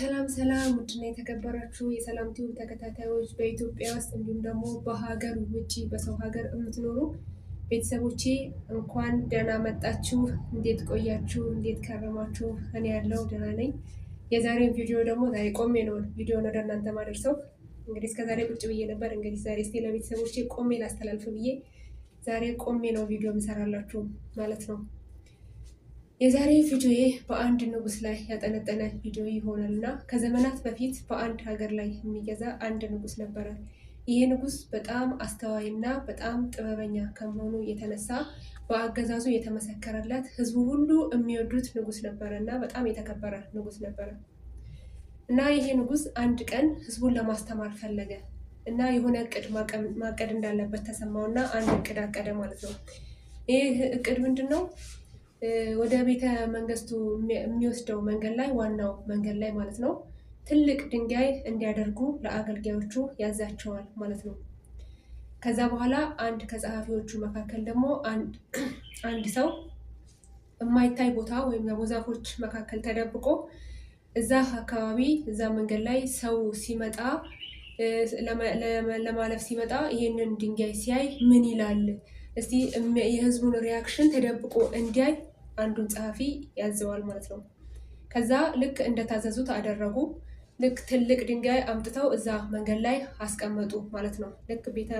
ሰላም ሰላም፣ ውድና የተከበራችሁ የሰላም ቲዩብ ተከታታዮች በኢትዮጵያ ውስጥ እንዲሁም ደግሞ በሀገር ውጭ በሰው ሀገር የምትኖሩ ቤተሰቦቼ እንኳን ደህና መጣችሁ። እንዴት ቆያችሁ? እንዴት ከረማችሁ? እኔ ያለው ደህና ነኝ። የዛሬን ቪዲዮ ደግሞ ዛሬ ቆሜ ነው ቪዲዮ ነው ወደ ማደርሰው። እንግዲህ እስከዛሬ ቁጭ ብዬ ነበር። እንግዲህ ዛሬ እስቲ ለቤተሰቦቼ ቆሜ ላስተላልፍ ብዬ ዛሬ ቆሜ ነው ቪዲዮ የምሰራላችሁ ማለት ነው። የዛሬ ቪዲዮ በአንድ ንጉስ ላይ ያጠነጠነ ቪዲዮ ይሆናል ከዘመናት በፊት በአንድ ሀገር ላይ የሚገዛ አንድ ንጉስ ነበረ። ይህ ንጉስ በጣም አስተዋይና በጣም ጥበበኛ ከመሆኑ የተነሳ በአገዛዙ የተመሰከረለት ህዝቡ ሁሉ የሚወዱት ንጉስ ነበረ እና በጣም የተከበረ ንጉስ ነበረ እና ይሄ ንጉስ አንድ ቀን ህዝቡን ለማስተማር ፈለገ እና የሆነ እቅድ ማቀድ እንዳለበት ተሰማውና አንድ እቅድ አቀደ ማለት ነው። ይህ እቅድ ምንድን ነው? ወደ ቤተ መንግስቱ የሚወስደው መንገድ ላይ ዋናው መንገድ ላይ ማለት ነው ትልቅ ድንጋይ እንዲያደርጉ ለአገልጋዮቹ ያዛቸዋል ማለት ነው። ከዛ በኋላ አንድ ከጸሐፊዎቹ መካከል ደግሞ አንድ ሰው የማይታይ ቦታ ወይም ደግሞ ዛፎች መካከል ተደብቆ እዛ አካባቢ እዛ መንገድ ላይ ሰው ሲመጣ ለማለፍ ሲመጣ ይህንን ድንጋይ ሲያይ ምን ይላል? እስቲ የህዝቡን ሪያክሽን ተደብቆ እንዲያይ አንዱን ጸሐፊ ያዘዋል ማለት ነው። ከዛ ልክ እንደታዘዙት አደረጉ። ልክ ትልቅ ድንጋይ አምጥተው እዛ መንገድ ላይ አስቀመጡ ማለት ነው። ልክ ቤተ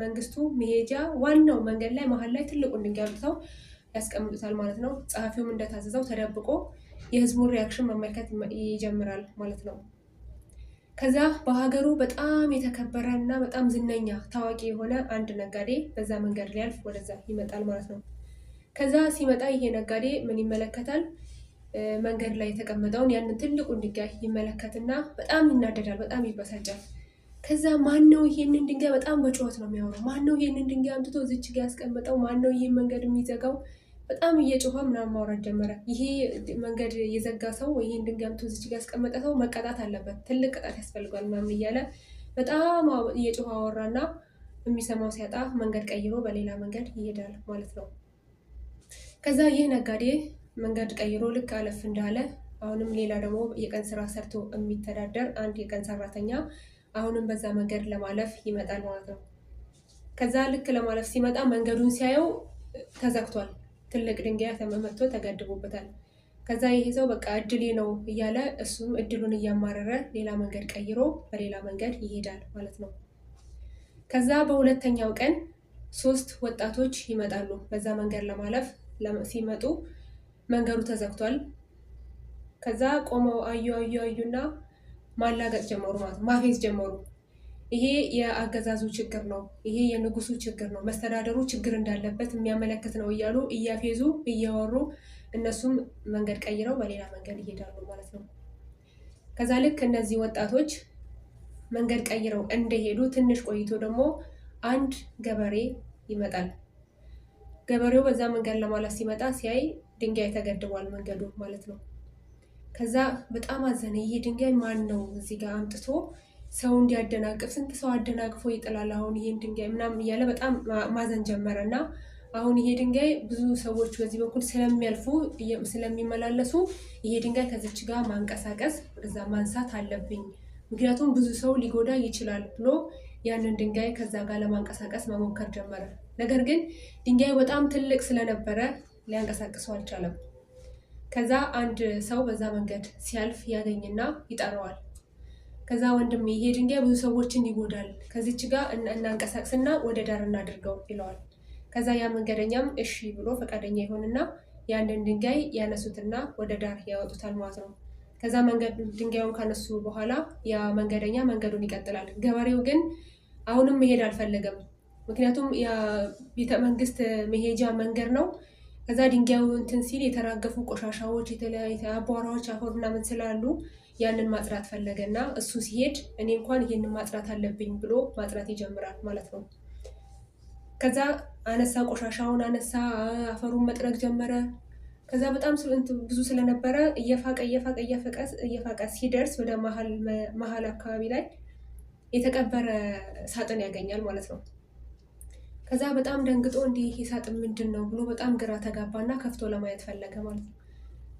መንግስቱ መሄጃ ዋናው መንገድ ላይ መሀል ላይ ትልቁን ድንጋይ አምጥተው ያስቀምጡታል ማለት ነው። ጸሐፊውም እንደታዘዘው ተደብቆ የህዝቡን ሪያክሽን መመልከት ይጀምራል ማለት ነው። ከዛ በሀገሩ በጣም የተከበረ እና በጣም ዝነኛ ታዋቂ የሆነ አንድ ነጋዴ በዛ መንገድ ሊያልፍ ወደዛ ይመጣል ማለት ነው። ከዛ ሲመጣ ይሄ ነጋዴ ምን ይመለከታል? መንገድ ላይ የተቀመጠውን ያንን ትልቁን ድንጋይ ይመለከትና በጣም ይናደዳል፣ በጣም ይበሳጫል። ከዛ ማን ነው ይሄንን ድንጋይ በጣም በጩኸት ነው የሚያወራው። ማን ነው ይሄንን ድንጋይ አምጥቶ ዝች ጋ ያስቀመጠው? ማን ነው ይሄን መንገድ የሚዘጋው? በጣም እየጮኸ ምናምን ማውራት ጀመረ። ይሄ መንገድ የዘጋ ሰው ይሄን ድንጋይ አምጥቶ ዝች ጋ ያስቀመጠ ሰው መቀጣት አለበት፣ ትልቅ ቅጣት ያስፈልጓል ምናምን እያለ በጣም እየጮኸ አወራና የሚሰማው ሲያጣ መንገድ ቀይሮ በሌላ መንገድ ይሄዳል ማለት ነው። ከዛ ይህ ነጋዴ መንገድ ቀይሮ ልክ አለፍ እንዳለ አሁንም ሌላ ደግሞ የቀን ስራ ሰርቶ የሚተዳደር አንድ የቀን ሰራተኛ አሁንም በዛ መንገድ ለማለፍ ይመጣል ማለት ነው። ከዛ ልክ ለማለፍ ሲመጣ መንገዱን ሲያየው ተዘግቷል። ትልቅ ድንጋይ ተመመቶ ተገድቦበታል። ከዛ ይሄ ሰው በቃ እድሌ ነው እያለ እሱም እድሉን እያማረረ ሌላ መንገድ ቀይሮ በሌላ መንገድ ይሄዳል ማለት ነው። ከዛ በሁለተኛው ቀን ሶስት ወጣቶች ይመጣሉ በዛ መንገድ ለማለፍ ሲመጡ መንገዱ ተዘግቷል። ከዛ ቆመው አዩ አዩ አዩና ማላገጥ ጀመሩ፣ ማለት ማፌዝ ጀመሩ። ይሄ የአገዛዙ ችግር ነው፣ ይሄ የንጉሱ ችግር ነው፣ መስተዳደሩ ችግር እንዳለበት የሚያመለክት ነው እያሉ እያፌዙ እያወሩ እነሱም መንገድ ቀይረው በሌላ መንገድ እየዳሉ ማለት ነው። ከዛ ልክ እነዚህ ወጣቶች መንገድ ቀይረው እንደሄዱ ትንሽ ቆይቶ ደግሞ አንድ ገበሬ ይመጣል። ገበሬው በዛ መንገድ ለማለት ሲመጣ ሲያይ ድንጋይ ተገድቧል መንገዱ ማለት ነው። ከዛ በጣም አዘነ። ይሄ ድንጋይ ማን ነው እዚህ ጋር አምጥቶ ሰው እንዲያደናቅፍ ስንት ሰው አደናቅፎ ይጥላል አሁን ይሄን ድንጋይ ምናምን እያለ በጣም ማዘን ጀመረ እና አሁን ይሄ ድንጋይ ብዙ ሰዎች በዚህ በኩል ስለሚያልፉ ስለሚመላለሱ ይሄ ድንጋይ ከዚች ጋር ማንቀሳቀስ እዛ ማንሳት አለብኝ፣ ምክንያቱም ብዙ ሰው ሊጎዳ ይችላል ብሎ ያንን ድንጋይ ከዛ ጋር ለማንቀሳቀስ መሞከር ጀመረ። ነገር ግን ድንጋይ በጣም ትልቅ ስለነበረ ሊያንቀሳቅሰው አልቻለም። ከዛ አንድ ሰው በዛ መንገድ ሲያልፍ ያገኝና ይጠራዋል። ከዛ ወንድም ይሄ ድንጋይ ብዙ ሰዎችን ይጎዳል፣ ከዚች ጋር እናንቀሳቅስና ወደ ዳር እናድርገው ይለዋል። ከዛ ያ መንገደኛም እሺ ብሎ ፈቃደኛ ይሆንና ያንን ድንጋይ ያነሱትና ወደ ዳር ያወጡታል ማለት ነው። ከዛ መንገድ ድንጋዩን ካነሱ በኋላ ያ መንገደኛ መንገዱን ይቀጥላል። ገበሬው ግን አሁንም መሄድ አልፈለገም። ምክንያቱም የቤተ መንግስት መሄጃ መንገድ ነው። ከዛ ድንጋዩ እንትን ሲል የተራገፉ ቆሻሻዎች፣ የተለያዩ አቧራዎች፣ አፈር ምናምን ስላሉ ያንን ማጽዳት ፈለገ እና እሱ ሲሄድ እኔ እንኳን ይህንን ማጽዳት አለብኝ ብሎ ማጽዳት ይጀምራል ማለት ነው። ከዛ አነሳ፣ ቆሻሻውን አነሳ፣ አፈሩን መጥረግ ጀመረ። ከዛ በጣም ብዙ ስለነበረ እየፋቀ እየፋቀ እየፋቀ ሲደርስ ወደ መሀል አካባቢ ላይ የተቀበረ ሳጥን ያገኛል ማለት ነው። ከዛ በጣም ደንግጦ እንዲህ ይሄ ሳጥን ምንድን ነው ብሎ በጣም ግራ ተጋባና ከፍቶ ለማየት ፈለገ ማለት ነው።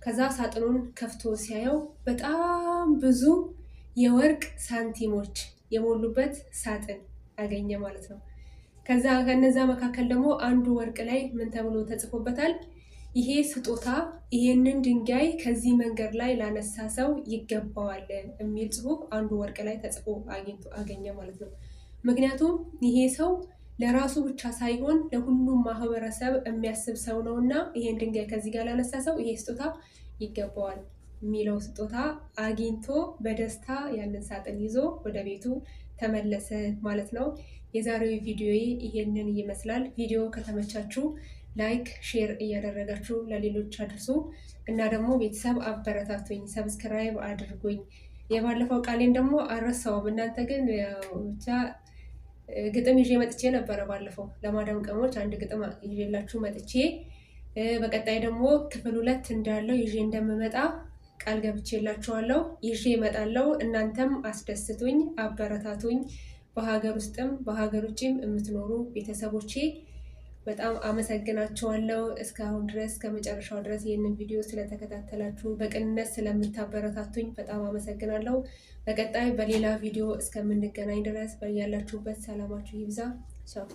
ከዛ ሳጥኑን ከፍቶ ሲያየው በጣም ብዙ የወርቅ ሳንቲሞች የሞሉበት ሳጥን አገኘ ማለት ነው። ከዛ ከነዛ መካከል ደግሞ አንዱ ወርቅ ላይ ምን ተብሎ ተጽፎበታል? ይሄ ስጦታ ይሄንን ድንጋይ ከዚህ መንገድ ላይ ላነሳ ሰው ይገባዋል የሚል ጽሑፍ አንዱ ወርቅ ላይ ተጽፎ አገኘ ማለት ነው። ምክንያቱም ይሄ ሰው ለራሱ ብቻ ሳይሆን ለሁሉም ማህበረሰብ የሚያስብ ሰው ነው እና ይሄን ድንጋይ ከዚህ ጋር ላነሳ ሰው ይሄ ስጦታ ይገባዋል የሚለው ስጦታ አግኝቶ በደስታ ያንን ሳጥን ይዞ ወደ ቤቱ ተመለሰ ማለት ነው። የዛሬው ቪዲዮ ይሄንን ይመስላል። ቪዲዮ ከተመቻችሁ ላይክ፣ ሼር እያደረጋችሁ ለሌሎች አድርሱ እና ደግሞ ቤተሰብ አበረታቱኝ፣ ሰብስክራይብ አድርጉኝ። የባለፈው ቃሌን ደግሞ አረሳውም እናንተ ግን ብቻ ግጥም ይዤ መጥቼ ነበረ ባለፈው ለማዳም ቀሞች አንድ ግጥም ይዤላችሁ መጥቼ በቀጣይ ደግሞ ክፍል ሁለት እንዳለው ይዤ እንደምመጣ ቃል ገብቼላችኋለሁ። ይዤ እመጣለሁ። እናንተም አስደስቱኝ፣ አበረታቱኝ። በሀገር ውስጥም በሀገር ውጭም የምትኖሩ ቤተሰቦቼ በጣም አመሰግናቸዋለሁ እስካሁን ድረስ ከመጨረሻው ድረስ ይህንን ቪዲዮ ስለተከታተላችሁ በቅንነት ስለምታበረታቱኝ በጣም አመሰግናለሁ። በቀጣይ በሌላ ቪዲዮ እስከምንገናኝ ድረስ በያላችሁበት ሰላማችሁ ይብዛ። ቻው